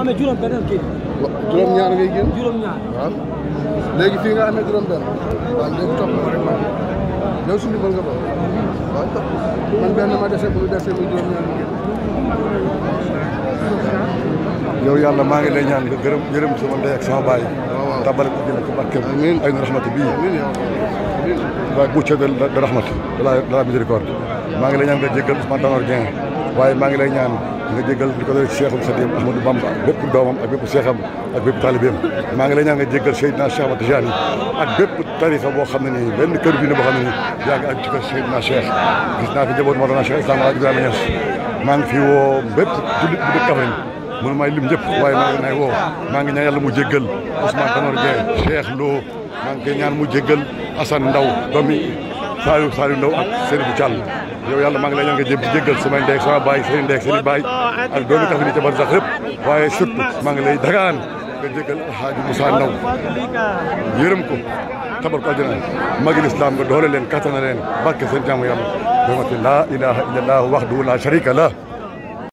amee juróom benn kii. juróom yàlla maa ngi lay ñaan nga gërëm yërëm sama ndey ak sama baay. waaw ay na rahmati bii. amiin waaw bu cee de maa ngi lay ñaan nga jéggal Ousmane Tanor waaye maa ngi lay ñaan nga jégal di ko def Cheikhul Khadim Amadou Bamba bépp doomam ak bépp seexam ak bépp taalibeem maa ngi lay ñaan nga jégal Seydina Cheikh Ahmad Tijani ak bépp tarixa boo xam ne nii benn kër bi ne boo xam ne nii ak ci Seydina Cheikh gis naa fi njaboot Mawlana Cheikh Islam Alhaji Ibrahima Niass maa ngi fi woo bépp jullit bu dëkk Kaffrine mënu maay lim ñëpp waaye maa ngi nay woo maa ngi ñaan yàlla mu jégal Ousmane Tanor Dieng Cheikh Lo maa ngi koy ñaan mu jégal Assane Ndaw doomi Saliou Saliou Ndao ak Seydou Thiam yow yàlla maa ngi lay ñaan nga jëm ci jéggal sama ndey sama baay seen ndey seen i baay ak doomi tax ca bari sax yëpp waaye surtout maa ngi lay dagaan nga jéggal Alxaaji Moussa Ndao yërëm ko tabar ko àjjana magi lislaam nga doole leen kattana leen barke seen jaamu yàlla doomatin laa ilaaha illallah wahdahu laa sharika lah